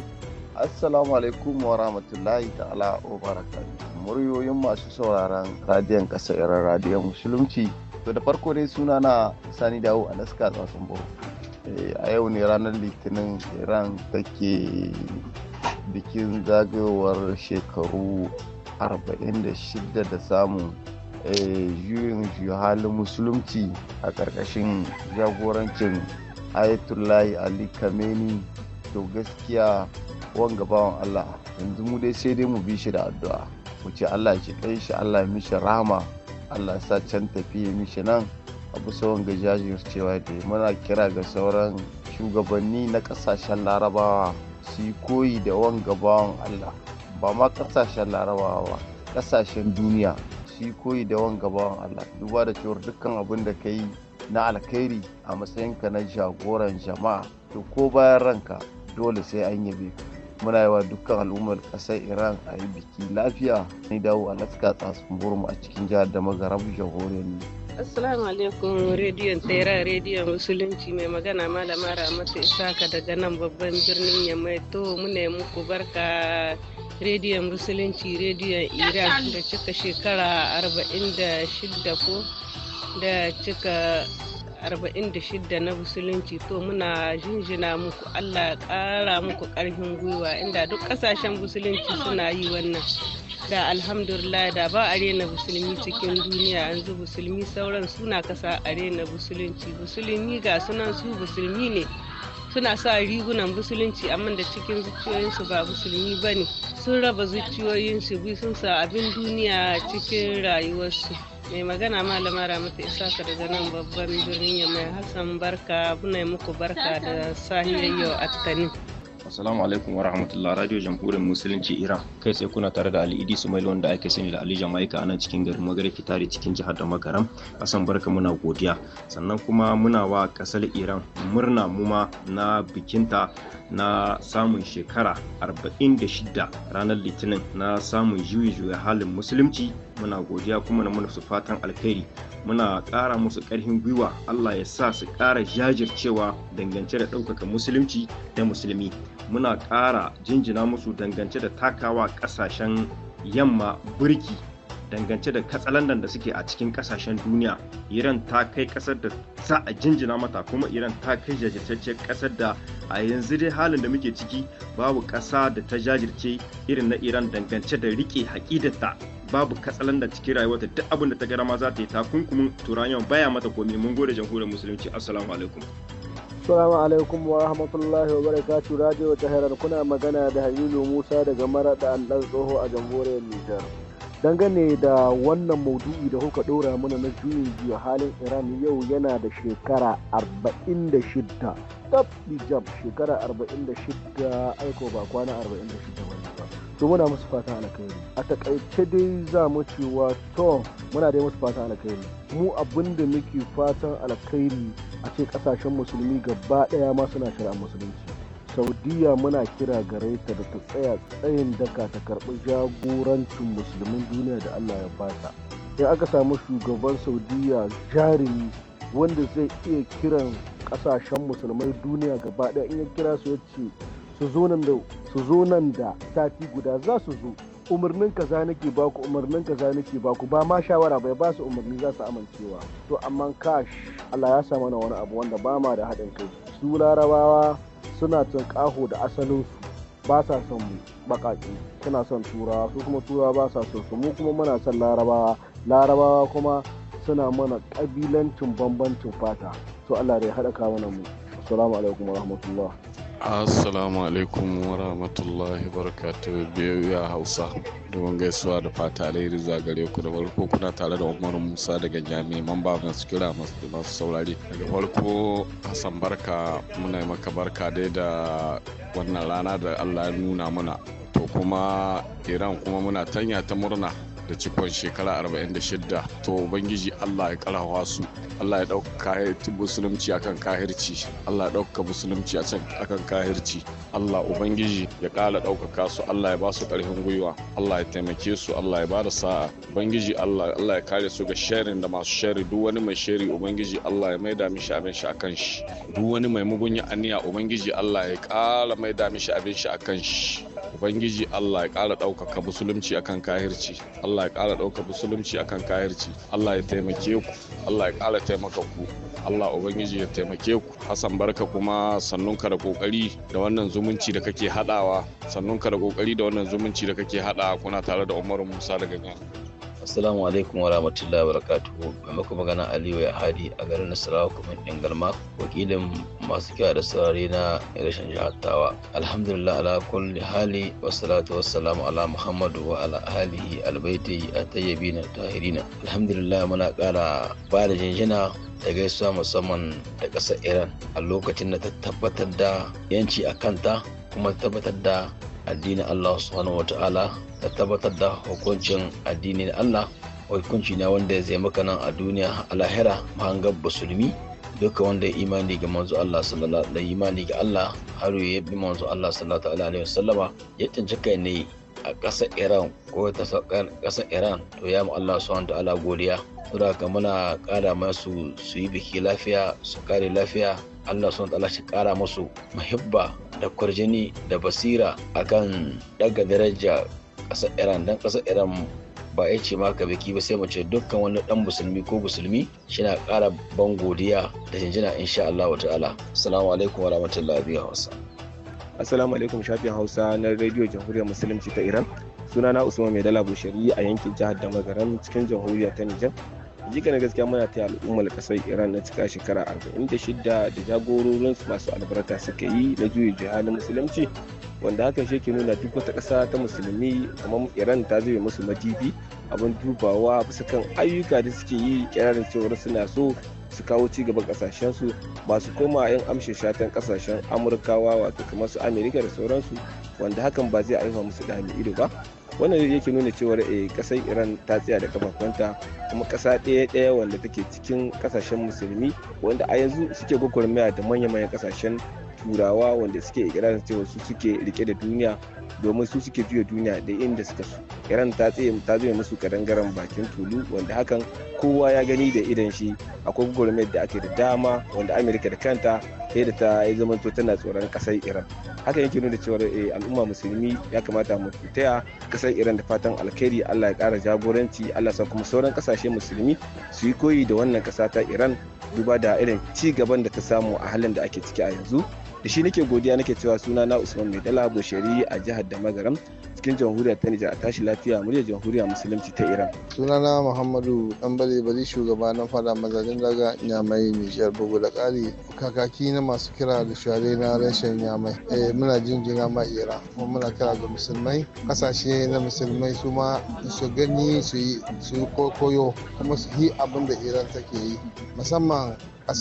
Assalamu alaikum wa rahmatullahi ta'ala wa barakatuh. Muryoyin masu sauraron radiyon ƙasa Iran radiyon musulunci. To da farko dai suna na Sani Dawo a Naska Tsatsun Eh, a yau ne ranar litinin iran take bikin zagayowar shekaru 46 da samun eh, juyin juhalin musulunci a ƙarƙashin jagorancin ayatollahi ali kameni to gaskiya wanga bawan allah yanzu mu dai sai dai mu bi shi da addu'a mu ce allah shi ya shi allah ya mishi rama allah sa can tafiye mishi nan a bisa wanga cewa da muna kira ga sauran shugabanni na kasashen larabawa su yi koyi da wan gabawan allah ba ma kasashen larabawa ba kasashen duniya su yi koyi da wan gabawan allah duba da cewar dukkan abin da ka yi na alkhairi a matsayinka na jagoran jama'a to ko bayan ranka dole sai an yabe muna yawa dukkan al'ummar ƙasar iran a yi biki lafiya ni dawo alaska tsatsun burma a cikin jihar da magarabu jamhuriyar ne Assalamu alaikum rediyon tsera rediyon musulunci mai magana malama Ramatu Isaka daga nan babban birnin Yamai to muna muku barka rediyon musulunci rediyon Iraq da cika shekara 46 ko da cika 46 na musulunci to muna jinjina muku Allah ƙara muku ƙarfin gwiwa inda duk ƙasashen musulunci suna yi wannan da alhamdulillah da ba a rena musulmi cikin duniya yanzu musulmi sauran suna kasa a rena musulunci musulmi ga sunan su musulmi ne suna sa rigunan musulunci amma da cikin zuciyoyinsu ba musulmi ba ne sun raba zuciyoyinsu bi sun sa abin duniya cikin rayuwarsu mai magana malama ramata isaka daga nan babban birnin mai hassan barka muna muku barka da sahiyar yau attanin Assalamu alaikum wa rahmatullah Radio Jamhuriyar Musulunci Iran. Kai sai kuna tare da Ali Idi Sumail wanda ake sani da Ali Jamaika ana cikin garin Magariki tare cikin jihar da Makaram. Asan barka muna godiya. Sannan kuma muna wa kasar Iran murna muma na bikinta na samun shekara 46 ranar Litinin na samun juyi juya halin musulunci muna godiya kuma na muna fatan alkhairi muna ƙara musu ƙarfin gwiwa Allah ya sa su ƙara jajircewa dangance da ɗaukaka musulunci da musulmi muna ƙara jinjina musu dangance da takawa ƙasashen yamma burki dangance da katsalandan da suke a cikin ƙasashen duniya iran ta kai ƙasar da za a jinjina mata kuma iran ta kai jajirce ƙasar da a yanzu dai halin da muke ciki babu ƙasa da ta jajirce irin na iran dangance da rike haƙidarta babu katsalan da cikin rayuwarta duk abin da ta gara ma za ta yi takunkumin turaniyan baya mata komai mun gode jamhuriyar musulunci assalamu alaikum Assalamu alaikum wa rahmatullahi wa barakatu Radio Tahirar kuna magana da Halilu Musa daga mara da Allan Tsoho a jamhuriyar Nijar. Dangane da wannan maudu'i da kuka ɗora mana na juyin jiya halin Iran yau yana da shekara 46. Tab shekara 46 aiko ba kwana 46 ba. to muna musu fata alkhairi a takaice dai za mu cewa to muna dai musu fata alkhairi mu abin da muke fatan alkhairi a ce kasashen musulmi gaba daya ma suna shari'ar musulunci saudiya muna kira gare ta da ta tsaya tsayin daka ta karbi jagorancin musulmin duniya da allah ya bata in aka samu shugaban saudiya jarumi wanda zai iya kiran kasashen musulmai duniya gaba daya in ya kira su ya ce su zo nan da su zo nan da sati guda za su zo umarnin kaza nake baku umarnin kaza nake baku ba ma shawara bai ba su umarni za su amincewa to amma kash Allah ya sa mana wani abu wanda ba ma da haɗin kai su larabawa suna kaho da asalinsu ba sa son mu baƙaƙi suna son turawa su kuma turawa ba sa son su mu kuma muna son larabawa larabawa kuma suna mana kabilancin bambancin fata to Allah ya haɗa kawo mu assalamu alaikum warahmatullah assalamu alaikum warahmatullah barakatu biyu ya hausa domin gaisuwa da fata alheri zagare ku da farko kuna tare da umaru musa daga jami'i mamba masu kira masu masu saurari daga farko hassan barka muna maka barka dai da wannan rana da allah ya nuna mana to kuma iran kuma muna tanya ta murna da cikon shekara 46 to ubangiji allah ya karawa su allah ya dauka musulunci akan kahirci allah ya dauka musulunci akan kahirci allah ubangiji ya kala daukaka su allah ya ba su karfin gwiwa allah ya taimake su allah ya ba da sa'a ubangiji allah allah ya kare su ga sharin da masu shari duk wani mai shari ubangiji allah ya maida mishi abin shi akan shi duk wani mai mugunya aniya ubangiji allah ya kala maida mishi abin shi akan shi ubangiji Allah ya ƙara ɗaukaka musulunci akan kahirci Allah ya ƙara ɗaukaka musulunci akan kahirci Allah ya taimake ku Allah ya ƙara taimaka ku Allah ubangiji ya taimake ku Hassan barka kuma ka da kokari da wannan zumunci da kake hadawa ka da kokari da wannan zumunci da kake hadawa kuna tare da Umaru Musa daga Ghana Assalamu alaikum wa rahmatullahi wa barakatuhu. Maimakon magana Aliyu ya hadi a garin Nasarawa kuma ɗin galma wakilin masu kyau da sarari na rashin jihar Tawa. Alhamdulillah ala kulli hali wa salatu wa salamu ala Muhammadu wa ala alihi albaiti a na tahirina. Alhamdulillah muna ƙara ba da jinjina da gaisuwa musamman da ƙasar Iran a lokacin da ta tabbatar da yanci a kanta kuma tabbatar da addinin Allah subhanahu wata'ala da tabbatar da hukuncin addinin Allah hukunci na wanda zai maka nan a duniya a lahira mahangar musulmi duka wanda ya imani ga manzo Allah sallallahu alaihi imani ga Allah har ya bi manzo Allah sallallahu alaihi wasallama ya tsinci kai ne a ƙasar iran ko ta ƙasar iran to ya mu allah subhanahu wata'ala godiya saboda haka muna ƙara masu su yi biki lafiya su kare lafiya allah subhanahu wata'ala shi ƙara masu muhibba da kwarjini da basira a kan daga daraja ƙasar iran don ƙasar iran ba ya ce maka biki ba sai mace dukkan wani dan musulmi ko musulmi shina ƙara ban godiya da jinjina insha Allah wa ta'ala assalamu alaikum wa rahmatullahi wa hausa assalamu alaikum shafin hausa na rediyo jamhuriyar musulunci ta iran sunana usman mai dala bushari a yankin jihar damagaram cikin jamhuriyar ta nijar na gaskiya muna taya al'ummar kasar iran na cika shekara arba'in da shida da jagororin masu albarka suka yi na jiha na musulunci wanda hakan shi ke nuna duk wata ƙasa ta musulmi kamar iran ta zube musu majibi abin dubawa bisa kan ayyuka da suke yi kirarin cewar suna so su kawo ci gaban kasashensu masu koma yan amshe shatan kasashen amurkawa wato kamar su amerika da sauransu wanda hakan ba zai aiwa musu da ido ba wannan yake nuna cewar a eh, kasar iran ta tsaya da kafafunta kuma kasa ɗaya ɗaya wanda take cikin kasashen musulmi wanda a yanzu suke gwagwarmaya da manya-manyan kasashen turawa wanda suke ikirarin cewa su suke rike da duniya domin su suke juya duniya da inda suka su iran ta tsaye ta zo musu kadangaren bakin tulu wanda hakan kowa ya gani da idan shi akwai gwamnati da ake da dama wanda amerika da kanta sai da ta yi zamanto tana tsoron kasar iran haka yake nuna cewa eh, al'umma musulmi ya kamata mu taya kasar iran da fatan alkhairi allah ya kara jagoranci allah sa kuma sauran kasashe musulmi su yi koyi da wannan kasa ta iran duba da irin ci gaban da ta samu a halin da ake ciki a yanzu da shi nake godiya nake cewa suna na usman mai dala bushari a jihar da cikin jamhuriyar ta nijar a tashi lafiya murya jamhuriyar musulunci ta iran suna na muhammadu ɗanbale bari shugaba na fada mazajen daga nyamai nijar bugu da ƙari kakaki na masu kira da share na rashin nyamai eh, muna jinjina ma iran kuma muna kira ga musulmai kasashe na musulmai su ma su gani su yi koyo kuma su yi abin da iran take yi musamman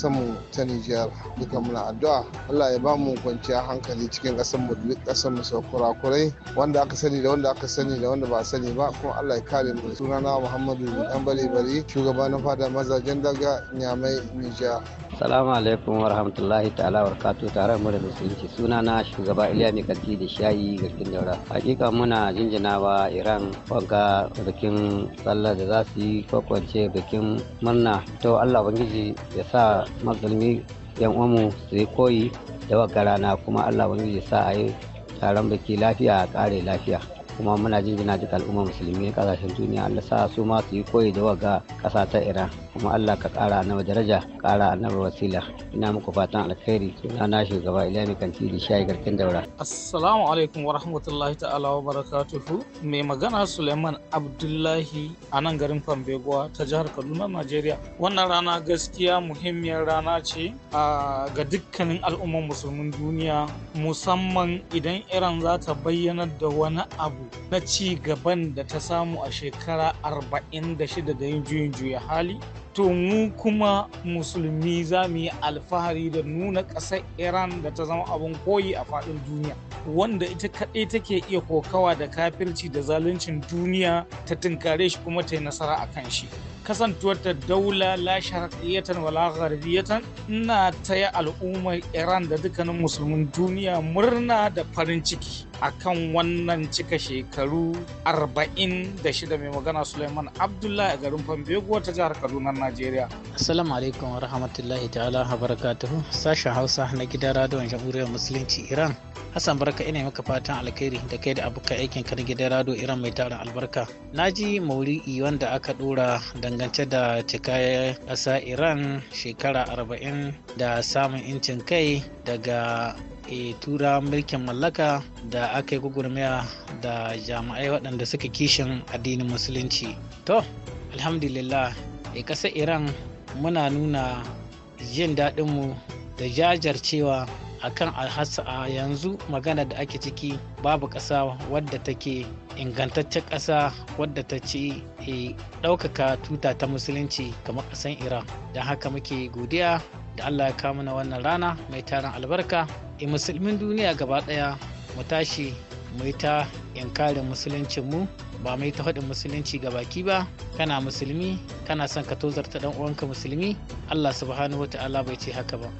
mu ta Nijar duka muna addu'a Allah ya bamu kwanciyar hankali cikin ƙasarmu da duk sau kurakurai wanda aka sani da wanda aka sani da wanda ba a sani ba kuma Allah ya kare mu sunana Muhammadu Dan Bale Bari shugaba na fada mazajen daga Nyamai Nijar Salamu alaikum wa rahmatullahi ta'ala wa barakatuh tare mu da musulunci sunana shugaba Iliya Mikanti da Shayi garkin Daura hakika muna jinjinawa Iran wanga bikin sallah da za su yi ko bikin murna to Allah ubangiji ya sa sa yan uwanmu su yi koyi da waka rana kuma Allah wani sa a yi taron biki lafiya a kare lafiya kuma muna jinjina duk al'umma musulmi kasashen duniya Allah sa su ma su yi koyi da wagga kasa ta Iran kuma Allah ka kara annabi daraja kara annabi wasila ina muku fatan alkhairi sunana shugaba Ilyami Kantiri shayi garkin daura assalamu alaikum wa rahmatullahi ta'ala wa barakatuhu mai magana Suleiman Abdullahi a nan garin Fambegowa ta jihar Kaduna Najeriya wannan rana gaskiya muhimmiyar rana ce ga dukkanin al'ummar musulmin duniya musamman idan Iran za ta bayyana da wani abu na ci gaban da ta samu a shekara 46 da yin juyin juya hali to mu kuma musulmi za mu yi alfahari da nuna ƙasar iran da ta zama abin koyi a faɗin duniya wanda ita kaɗai take iya kokawa da kafirci da zaluncin duniya ta tunkare shi kuma ta yi nasara a kan shi kasantuwar ta daula la sharqiyatan wala gharbiyatan ina taya al'ummar Iran da dukkanin musulmin duniya murna da farin ciki akan wannan cika shekaru 46 mai magana Suleiman Abdullahi a garin Fambego ta jihar Kaduna Najeriya. Assalamu alaikum wa rahmatullahi ta'ala wa Sashen Hausa na gidan radiyon Jamhuriyar Musulunci Iran Hassan barka ina maka fatan alkhairi da kai da abokan aikin kan gidan rado iran mai tarin albarka. Na ji mauri'i wanda aka dora dangance da cika ƙasa Iran shekara arba'in da samun incin kai daga e, tura mulkin mallaka da aka yi gugurmiya da jami'ai waɗanda suka kishin addinin musulunci. To, alhamdulillah, e, ƙasar Iran muna nuna jin daɗinmu da jajarcewa akan a yanzu magana da ake ciki babu ƙasa wadda take ingantaccen ƙasa wadda ta ce ɗaukaka tuta ta musulunci kamar ƙasan iran don haka muke godiya da allah ya kamuna mana wannan rana mai taron albarka e musulmin duniya gaba ɗaya mu tashi mu yi ta yankarin musuluncin mu ba mai ta faɗin musulunci ga baki ba kana musulmi kana son ka tozarta ɗan uwanka musulmi allah subhanahu wa ta'ala bai ce haka ba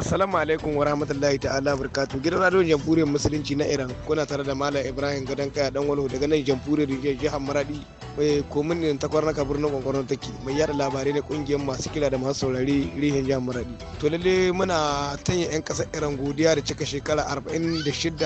Assalamu alaikum wa rahmatullahi ta'ala barkatu gidan radiyon jamhuriyar musulunci na Iran kuna tare da Malam Ibrahim Gadan Kaya dan Walo daga nan jamhuriyar jihar Maradi mai komin ne ta kwarna ka birnin kwankwaron take mai yada labarai na kungiyar masu kila da masu saurari rihin jihar Maradi to lalle muna tanya yan kasar Iran godiya da cika shekara 46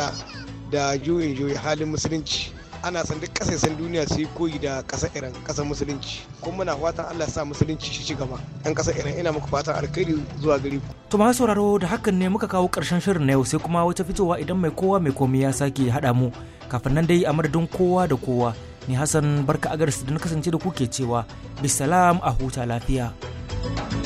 da juyin juyi halin musulunci ana san duk kasashen duniya su yi koyi da kasa iran kasa musulunci kuma muna fatan allah sa musulunci shi ci gaba yan kasar iran ina muku fatan alkhairi zuwa gari ku. to masu sauraro da hakan ne muka kawo karshen shirin na yau sai kuma wata fitowa idan mai kowa mai komai ya sake haɗa mu kafin nan dai a madadin kowa da kowa ni hassan barka agarsu da na kasance da ku ke cewa bisalam a huta lafiya. thank you